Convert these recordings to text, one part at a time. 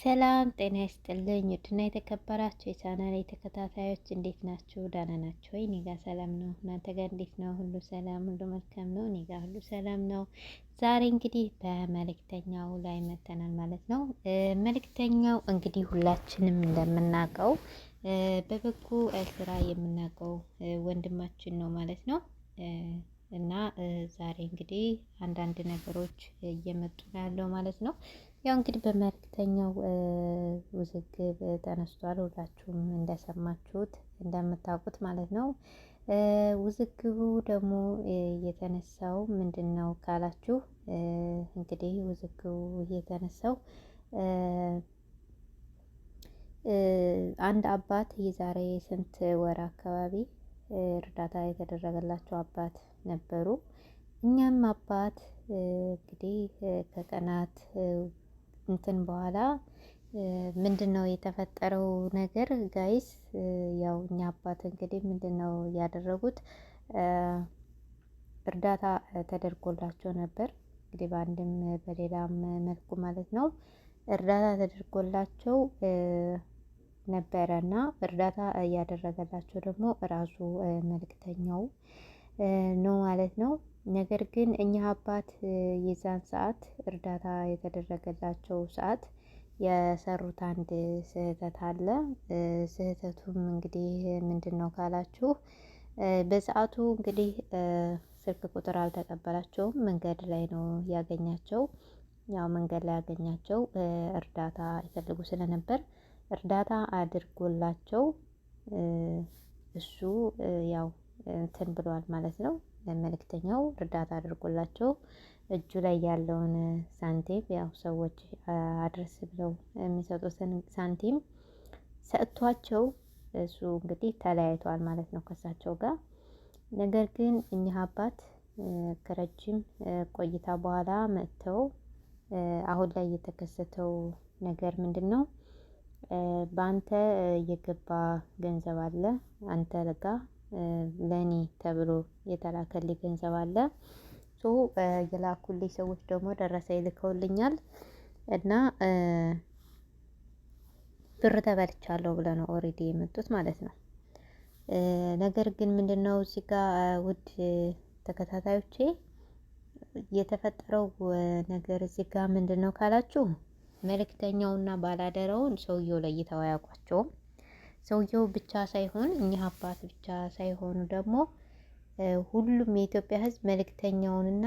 ሰላም ጤና ይስጥልኝ። ውድና የተከበራችሁ የቻናል ተከታታዮች እንዴት ናችሁ? ደህና ናችሁ ወይ? እኔ ሰላም ነው። እናንተ ጋር እንዴት ነው? ሁሉ ሰላም፣ ሁሉ መልካም ነው። እኔ ሁሉ ሰላም ነው። ዛሬ እንግዲህ በመልእክተኛው ላይ መተናል ማለት ነው። መልእክተኛው እንግዲህ ሁላችንም እንደምናውቀው በበጎ ስራ የምናውቀው ወንድማችን ነው ማለት ነው። እና ዛሬ እንግዲህ አንዳንድ ነገሮች እየመጡ ነው ያለው ማለት ነው። ያው እንግዲህ በመልክተኛው ውዝግብ ተነስቷል። ሁላችሁም እንደሰማችሁት እንደምታውቁት ማለት ነው። ውዝግቡ ደግሞ የተነሳው ምንድን ነው ካላችሁ እንግዲህ ውዝግቡ የተነሳው አንድ አባት የዛሬ ስንት ወር አካባቢ እርዳታ የተደረገላቸው አባት ነበሩ። እኛም አባት እንግዲህ ከቀናት እንትን በኋላ ምንድን ነው የተፈጠረው ነገር ጋይስ? ያው እኛ አባት እንግዲህ ምንድን ነው ያደረጉት? እርዳታ ተደርጎላቸው ነበር እንግዲህ በአንድም በሌላም መልኩ ማለት ነው። እርዳታ ተደርጎላቸው ነበረ እና እርዳታ እያደረገላቸው ደግሞ ራሱ መልክተኛው። ነው ማለት ነው። ነገር ግን እኚህ አባት የዛን ሰዓት እርዳታ የተደረገላቸው ሰዓት የሰሩት አንድ ስህተት አለ። ስህተቱም እንግዲህ ምንድን ነው ካላችሁ በሰዓቱ እንግዲህ ስልክ ቁጥር አልተቀበላቸውም። መንገድ ላይ ነው ያገኛቸው። ያው መንገድ ላይ ያገኛቸው እርዳታ ይፈልጉ ስለነበር እርዳታ አድርጎላቸው እሱ ያው እንትን ብለዋል ማለት ነው። መልእክተኛው እርዳታ አድርጎላቸው እጁ ላይ ያለውን ሳንቲም ያው ሰዎች አድርስ ብለው የሚሰጡትን ሳንቲም ሰጥቷቸው እሱ እንግዲህ ተለያይተዋል ማለት ነው ከእሳቸው ጋር። ነገር ግን እኚህ አባት ከረጅም ቆይታ በኋላ መጥተው አሁን ላይ የተከሰተው ነገር ምንድን ነው? በአንተ የገባ ገንዘብ አለ አንተ ልጋ ለኒ ተብሎ የተላከልኝ ገንዘብ አለ። ሶ የላኩልኝ ሰዎች ደግሞ ደረሰ ይልከውልኛል። እና ብር ተበልቻለሁ ብለ ነው ኦሬዲ የመጡት ማለት ነው። ነገር ግን ምንድነው እዚህ ጋር ውድ ተከታታዮቼ የተፈጠረው ነገር እዚህ ጋር ምንድነው ካላችሁ መልእክተኛውና ባላደረውን ሰውየው ለይተው አያውቋቸውም። ሰውየው ብቻ ሳይሆን እኚህ አባት ብቻ ሳይሆኑ ደግሞ ሁሉም የኢትዮጵያ ሕዝብ መልእክተኛውንና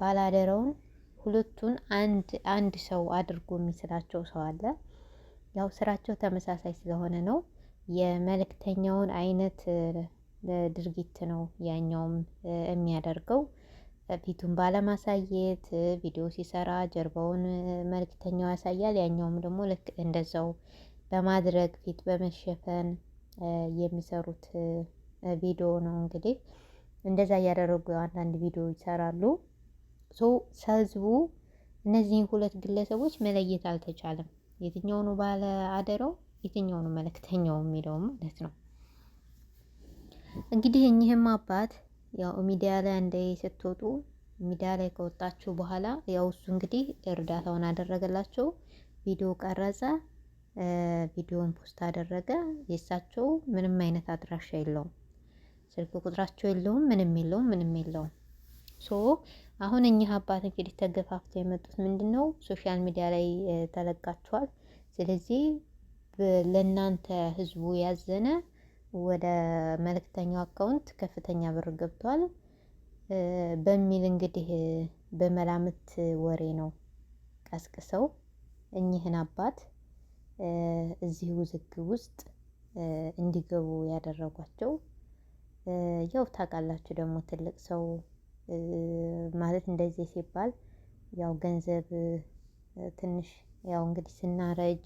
ባላደራውን ሁለቱን አንድ አንድ ሰው አድርጎ የሚስላቸው ሰው አለ። ያው ስራቸው ተመሳሳይ ስለሆነ ነው። የመልእክተኛውን አይነት ድርጊት ነው ያኛውም የሚያደርገው። ፊቱን ባለማሳየት ቪዲዮ ሲሰራ ጀርባውን መልክተኛው ያሳያል። ያኛውም ደግሞ ልክ እንደዛው በማድረግ ፊት በመሸፈን የሚሰሩት ቪዲዮ ነው። እንግዲህ እንደዛ እያደረጉ አንዳንድ ቪዲዮ ይሰራሉ። ሶ እነዚህን ሁለት ግለሰቦች መለየት አልተቻለም። የትኛውኑ ባለ የትኛው የትኛውኑ መልእክተኛው የሚለው ማለት ነው። እንግዲህ እኚህም አባት ያው ሚዲያ ላይ እንደ ስትወጡ ሚዲያ ላይ ከወጣችሁ በኋላ ያው እሱ እንግዲህ እርዳታውን አደረገላቸው፣ ቪዲዮ ቀረጸ። ቪዲዮውን ፖስት አደረገ። የእሳቸው ምንም አይነት አድራሻ የለውም፣ ስልክ ቁጥራቸው የለውም፣ ምንም የለውም፣ ምንም የለውም። ሶ አሁን እኚህ አባት እንግዲህ ተገፋፍተው የመጡት ምንድን ነው? ሶሻል ሚዲያ ላይ ተለቃችኋል። ስለዚህ ለእናንተ ህዝቡ ያዘነ ወደ መልእክተኛው አካውንት ከፍተኛ ብር ገብቷል በሚል እንግዲህ በመላምት ወሬ ነው ቀስቅሰው እኚህን አባት እዚህ ውዝግብ ውስጥ እንዲገቡ ያደረጓቸው። ያው ታውቃላችሁ ደግሞ ትልቅ ሰው ማለት እንደዚህ ሲባል ያው ገንዘብ ትንሽ ያው እንግዲህ ስናረጅ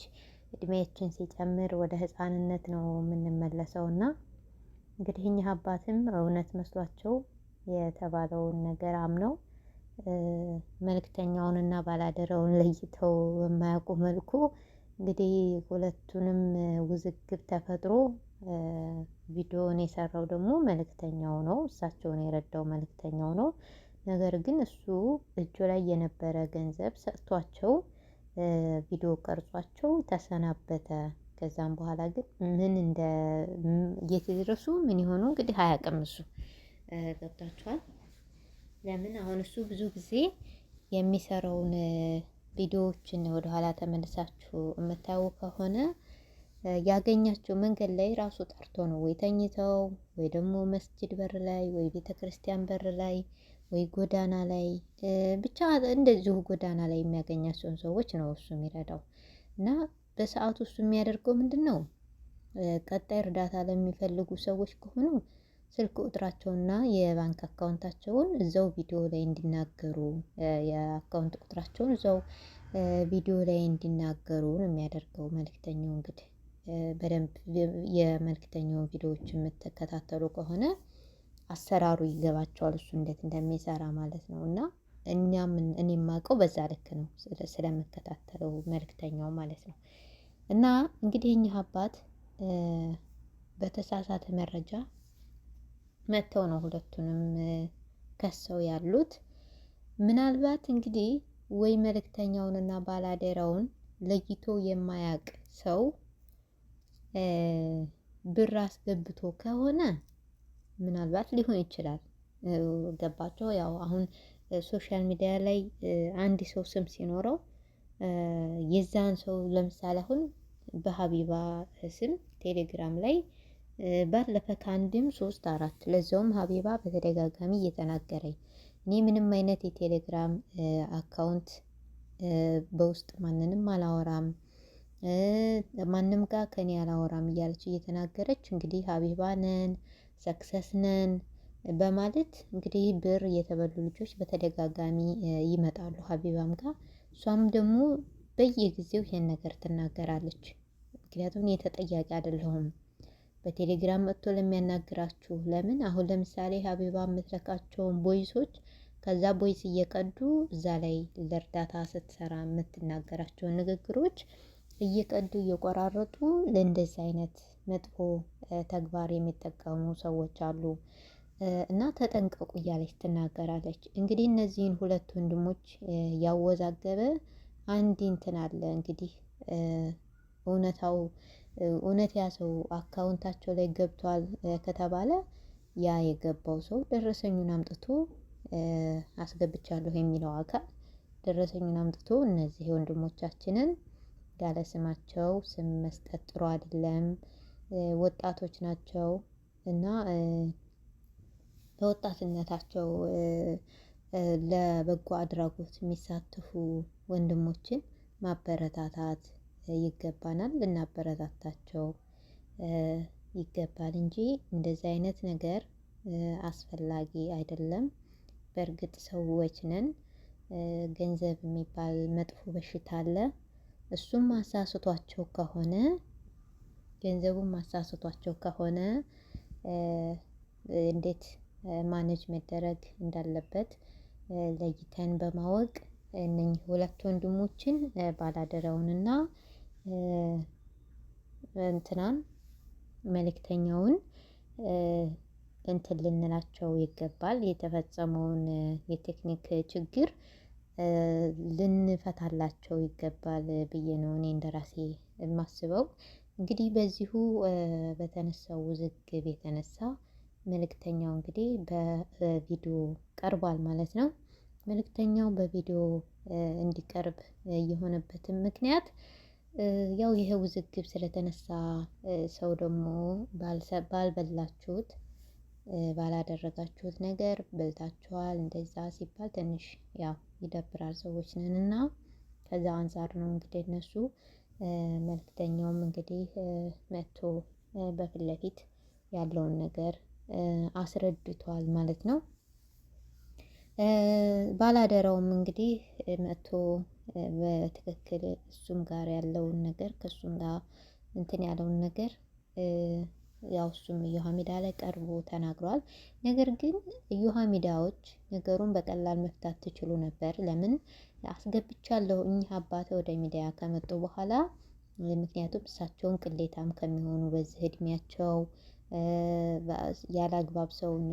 እድሜያችን ሲጨምር ወደ ህፃንነት ነው የምንመለሰው እና እንግዲህ እኚህ አባትም እውነት መስሏቸው የተባለውን ነገር አምነው መልክተኛውንና ባላደረውን ለይተው በማያውቁ መልኩ እንግዲህ ሁለቱንም ውዝግብ ተፈጥሮ ቪዲዮውን የሰራው ደግሞ መልእክተኛው ነው። እሳቸውን የረዳው መልእክተኛው ነው። ነገር ግን እሱ እጁ ላይ የነበረ ገንዘብ ሰጥቷቸው ቪዲዮ ቀርጿቸው ተሰናበተ። ከዛም በኋላ ግን ምን እንደ የት ምን የሆኑ እንግዲህ አያቀምሱ እሱ ገብታችኋል። ለምን አሁን እሱ ብዙ ጊዜ የሚሰራውን ቪዲዮዎችን ወደኋላ ተመልሳችሁ የምታዩ ከሆነ ያገኛቸው መንገድ ላይ ራሱ ጠርቶ ነው ወይ ተኝተው ወይ ደግሞ መስጅድ በር ላይ ወይ ቤተ ክርስቲያን በር ላይ ወይ ጎዳና ላይ ብቻ እንደዚሁ ጎዳና ላይ የሚያገኛቸውን ሰዎች ነው እሱ የሚረዳው። እና በሰዓቱ እሱ የሚያደርገው ምንድን ነው? ቀጣይ እርዳታ ለሚፈልጉ ሰዎች ከሆኑ ስልክ ቁጥራቸውና የባንክ አካውንታቸውን እዛው ቪዲዮ ላይ እንዲናገሩ የአካውንት ቁጥራቸውን እዛው ቪዲዮ ላይ እንዲናገሩ ነው የሚያደርገው መልክተኛው። እንግዲህ በደንብ የመልእክተኛውን ቪዲዮዎች የምትከታተሉ ከሆነ አሰራሩ ይገባቸዋል፣ እሱ እንዴት እንደሚሰራ ማለት ነው። እና እኛም እኔ የማውቀው በዛ ልክ ነው ስለምከታተለው መልክተኛው ማለት ነው። እና እንግዲህ እኚህ አባት በተሳሳተ መረጃ መተው ነው ሁለቱንም ከሰው ያሉት። ምናልባት እንግዲህ ወይ መልእክተኛውንና ባላደራውን ለይቶ የማያውቅ ሰው ብር አስገብቶ ከሆነ ምናልባት ሊሆን ይችላል። ገባቸው። ያው አሁን ሶሻል ሚዲያ ላይ አንድ ሰው ስም ሲኖረው የዛን ሰው ለምሳሌ አሁን በሀቢባ ስም ቴሌግራም ላይ ባለፈ ከአንድም ሶስት አራት ለዚውም ሀቢባ በተደጋጋሚ እየተናገረኝ እኔ ምንም አይነት የቴሌግራም አካውንት በውስጥ ማንንም አላወራም ማንም ጋር ከኔ አላወራም እያለች እየተናገረች እንግዲህ ሀቢባ ነን ሰክሰስ ነን በማለት እንግዲህ ብር የተበሉ ልጆች በተደጋጋሚ ይመጣሉ ሀቢባም ጋር እሷም ደግሞ በየጊዜው ይሄን ነገር ትናገራለች። ምክንያቱም እኔ ተጠያቂ አይደለሁም። በቴሌግራም መጥቶ ለሚያናግራችሁ። ለምን አሁን ለምሳሌ ሀቢባ የምትለካቸውን ቦይሶች ከዛ ቦይስ እየቀዱ እዛ ላይ ለእርዳታ ስትሰራ የምትናገራቸውን ንግግሮች እየቀዱ እየቆራረጡ ለእንደዚህ አይነት መጥፎ ተግባር የሚጠቀሙ ሰዎች አሉ እና ተጠንቀቁ እያለች ትናገራለች። እንግዲህ እነዚህን ሁለት ወንድሞች ያወዛገበ አንድ እንትን አለ እንግዲህ እውነታው እውነት ያ ሰው አካውንታቸው ላይ ገብቷል ከተባለ ያ የገባው ሰው ደረሰኙን አምጥቶ አስገብቻለሁ የሚለው አካል ደረሰኙን አምጥቶ እነዚህ ወንድሞቻችንን ያለ ስማቸው ስም መስጠት ጥሩ አይደለም። ወጣቶች ናቸው እና በወጣትነታቸው ለበጎ አድራጎት የሚሳተፉ ወንድሞችን ማበረታታት ይገባናል ልናበረታታቸው ይገባል እንጂ እንደዚህ አይነት ነገር አስፈላጊ አይደለም። በእርግጥ ሰዎች ነን ገንዘብ የሚባል መጥፎ በሽታ አለ። እሱም ማሳስቷቸው ከሆነ ገንዘቡም ማሳስቷቸው ከሆነ እንዴት ማነጅ መደረግ እንዳለበት ለይተን በማወቅ እነኚህ ሁለት ወንድሞችን ባላደራውንና እንትናን መልእክተኛውን እንትን ልንላቸው ይገባል። የተፈጸመውን የቴክኒክ ችግር ልንፈታላቸው ይገባል ብዬ ነው እኔ እንደራሴ የማስበው። እንግዲህ በዚሁ በተነሳው ውዝግብ የተነሳ መልእክተኛው እንግዲህ በቪዲዮ ቀርቧል ማለት ነው። መልእክተኛው በቪዲዮ እንዲቀርብ የሆነበትም ምክንያት ያው ይሄ ውዝግብ ስለተነሳ ሰው ደግሞ ባልበላችሁት ባላደረጋችሁት ነገር በልታችኋል እንደዛ ሲባል ትንሽ ያው ይደብራል። ሰዎች ነን እና ከዛ አንፃር ነው እንግዲህ እነሱ መልክተኛውም እንግዲህ መጥቶ በፊት ለፊት ያለውን ነገር አስረድቷል ማለት ነው። ባላደራውም እንግዲህ መጥቶ በትክክል እሱም ጋር ያለውን ነገር ከእሱም ጋር እንትን ያለውን ነገር ያው እሱም እዮሃ ላይ ቀርቦ ተናግሯል። ነገር ግን እዮሃ ነገሩን በቀላል መፍታት ትችሉ ነበር። ለምን አስገብቻለሁ እኚህ አባት ወደ ሚዲያ ከመጡ በኋላ ምክንያቱም እሳቸውን ቅሌታም ከሚሆኑ በዚህ እድሜያቸው ያለ አግባብ ሰውን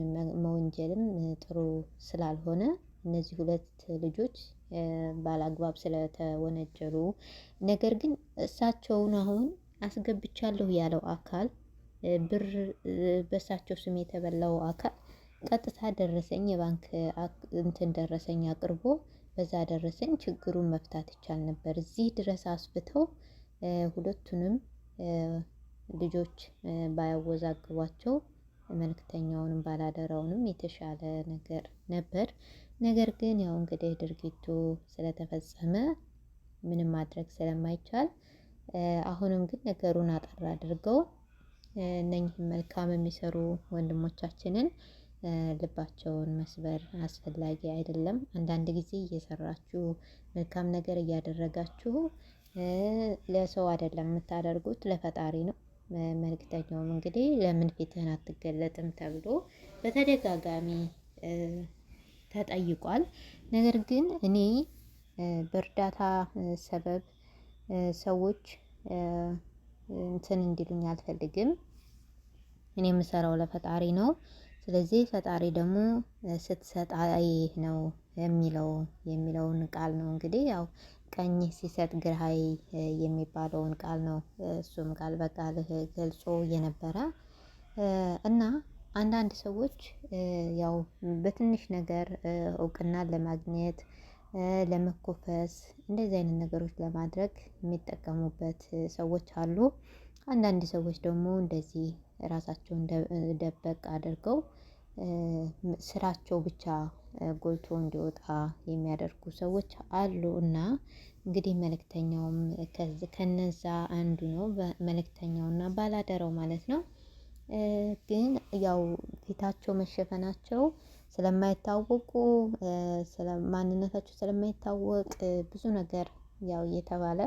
መወንጀልም ጥሩ ስላልሆነ እነዚህ ሁለት ልጆች ባላግባብ ስለተወነጀሉ ነገር ግን እሳቸውን አሁን አስገብቻለሁ ያለው አካል ብር በእሳቸው ስም የተበላው አካል ቀጥታ ደረሰኝ የባንክ እንትን ደረሰኝ አቅርቦ በዛ ደረሰኝ ችግሩን መፍታት ይቻል ነበር። እዚህ ድረስ አስብተው ሁለቱንም ልጆች ባያወዛግቧቸው መልክተኛውንም ባላደራውንም የተሻለ ነገር ነበር። ነገር ግን ያው እንግዲህ ድርጊቱ ስለተፈጸመ ምንም ማድረግ ስለማይቻል አሁንም ግን ነገሩን አጠር አድርገው እነኝህም መልካም የሚሰሩ ወንድሞቻችንን ልባቸውን መስበር አስፈላጊ አይደለም። አንዳንድ ጊዜ እየሰራችሁ መልካም ነገር እያደረጋችሁ ለሰው አይደለም የምታደርጉት፣ ለፈጣሪ ነው። መልክተኛውም እንግዲህ ለምን ፊትህን አትገለጥም ተብሎ በተደጋጋሚ ተጠይቋል። ነገር ግን እኔ በእርዳታ ሰበብ ሰዎች እንትን እንዲሉኝ አልፈልግም። እኔ የምሰራው ለፈጣሪ ነው። ስለዚህ ፈጣሪ ደግሞ ስትሰጣይ ነው የሚለው የሚለውን ቃል ነው እንግዲህ ያው ቀኝ ሲሰጥ ግርሃይ የሚባለውን ቃል ነው እሱም ቃል በቃል ገልጾ የነበረ እና አንዳንድ ሰዎች ያው በትንሽ ነገር እውቅና ለማግኘት ለመኮፈስ እንደዚህ አይነት ነገሮች ለማድረግ የሚጠቀሙበት ሰዎች አሉ። አንዳንድ ሰዎች ደግሞ እንደዚህ ራሳቸውን ደበቅ አድርገው ስራቸው ብቻ ጎልቶ እንዲወጣ የሚያደርጉ ሰዎች አሉ። እና እንግዲህ መልእክተኛውም ከነዛ አንዱ ነው ና ባላደራው ማለት ነው። ግን ያው ፊታቸው መሸፈናቸው ስለማይታወቁ ማንነታቸው ስለማይታወቅ ብዙ ነገር ያው እየተባለ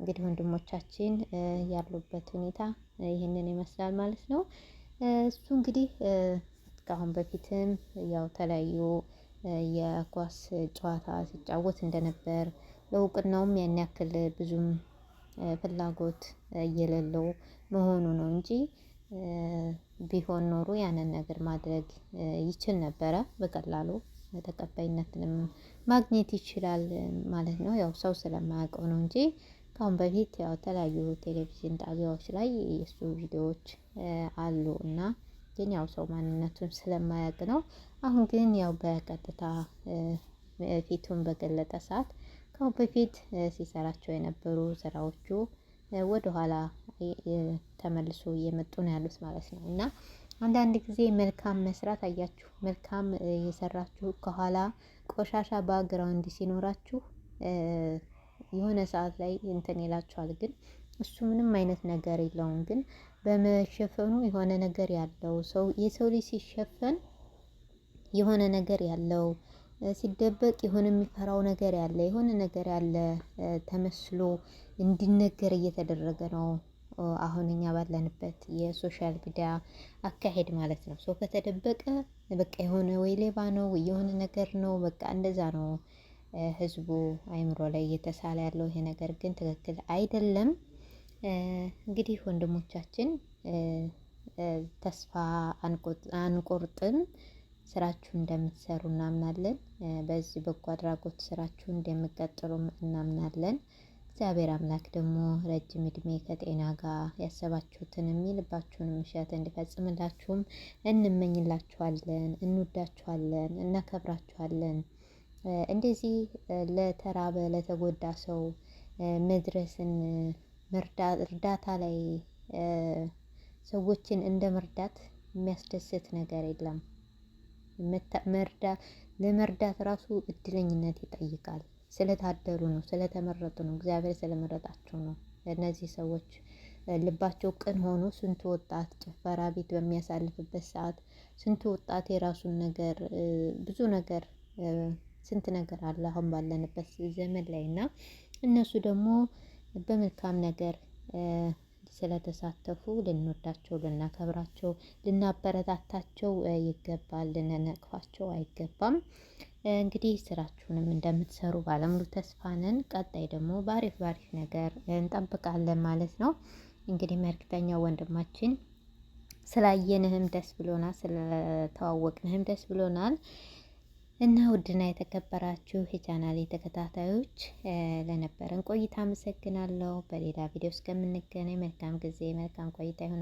እንግዲህ ወንድሞቻችን ያሉበት ሁኔታ ይህንን ይመስላል ማለት ነው እሱ እንግዲህ ከአሁን በፊትም ያው ተለያዩ የኳስ ጨዋታ ሲጫወት እንደነበር ለእውቅናውም ያን ያክል ብዙም ፍላጎት የሌለው መሆኑ ነው እንጂ ቢሆን ኖሮ ያንን ነገር ማድረግ ይችል ነበረ። በቀላሉ ተቀባይነትንም ማግኘት ይችላል ማለት ነው። ያው ሰው ስለማያውቀው ነው እንጂ ከአሁን በፊት ያው የተለያዩ ቴሌቪዥን ጣቢያዎች ላይ የእሱ ቪዲዮዎች አሉ እና ግን ያው ሰው ማንነቱን ስለማያውቅ ነው። አሁን ግን ያው በቀጥታ ፊቱን በገለጠ ሰዓት ከአሁን በፊት ሲሰራቸው የነበሩ ስራዎቹ ወደኋላ ተመልሶ እየመጡ ነው ያሉት ማለት ነው እና አንዳንድ ጊዜ መልካም መስራት አያችሁ፣ መልካም የሰራችሁ ከኋላ ቆሻሻ ባግራውንድ ሲኖራችሁ የሆነ ሰዓት ላይ እንትን ይላችኋል። ግን እሱ ምንም አይነት ነገር የለውም። ግን በመሸፈኑ የሆነ ነገር ያለው ሰው የሰው ልጅ ሲሸፈን የሆነ ነገር ያለው ሲደበቅ የሆነ የሚፈራው ነገር ያለ የሆነ ነገር ያለ ተመስሎ እንዲነገር እየተደረገ ነው። አሁን እኛ ባለንበት የሶሻል ሚዲያ አካሄድ ማለት ነው። ሰው ከተደበቀ በቃ የሆነ ወይ ሌባ ነው የሆነ ነገር ነው በቃ እንደዛ ነው ህዝቡ አይምሮ ላይ እየተሳለ ያለው ይሄ ነገር ግን ትክክል አይደለም። እንግዲህ ወንድሞቻችን ተስፋ አንቆርጥም፣ ስራችሁ እንደምትሰሩ እናምናለን። በዚህ በጎ አድራጎት ስራችሁ እንደምትቀጥሉም እናምናለን። እግዚአብሔር አምላክ ደግሞ ረጅም እድሜ ከጤና ጋር ያሰባችሁትን የሚልባችሁን ምሽት እንዲፈጽምላችሁም እንመኝላችኋለን። እንወዳችኋለን፣ እናከብራችኋለን። እንደዚህ ለተራበ ለተጎዳ ሰው መድረስን እርዳታ ላይ ሰዎችን እንደ መርዳት የሚያስደስት ነገር የለም። ለመርዳት ራሱ እድለኝነት ይጠይቃል። ስለታደሉ ነው፣ ስለተመረጡ ነው፣ እግዚአብሔር ስለመረጣቸው ነው። እነዚህ ሰዎች ልባቸው ቅን ሆኖ ስንቱ ወጣት ጭፈራ ቤት በሚያሳልፍበት ሰዓት ስንቱ ወጣት የራሱን ነገር ብዙ ነገር ስንት ነገር አለ አሁን ባለንበት ዘመን ላይ እና እነሱ ደግሞ በመልካም ነገር ስለተሳተፉ ልንወዳቸው፣ ልናከብራቸው፣ ልናበረታታቸው ይገባል። ልንነቅፋቸው አይገባም። እንግዲህ ስራችሁንም እንደምትሰሩ ባለሙሉ ተስፋ ነን። ቀጣይ ደግሞ ባሪፍ ባሪፍ ነገር እንጠብቃለን ማለት ነው። እንግዲህ መልክተኛ ወንድማችን ስላየንህም ደስ ብሎናል፣ ስለተዋወቅንህም ደስ ብሎናል። እና ውድና የተከበራችሁ የቻናሌ ተከታታዮች ለነበረን ቆይታ አመሰግናለሁ። በሌላ ቪዲዮ እስከምንገናኝ መልካም ጊዜ፣ መልካም ቆይታ ይሁን።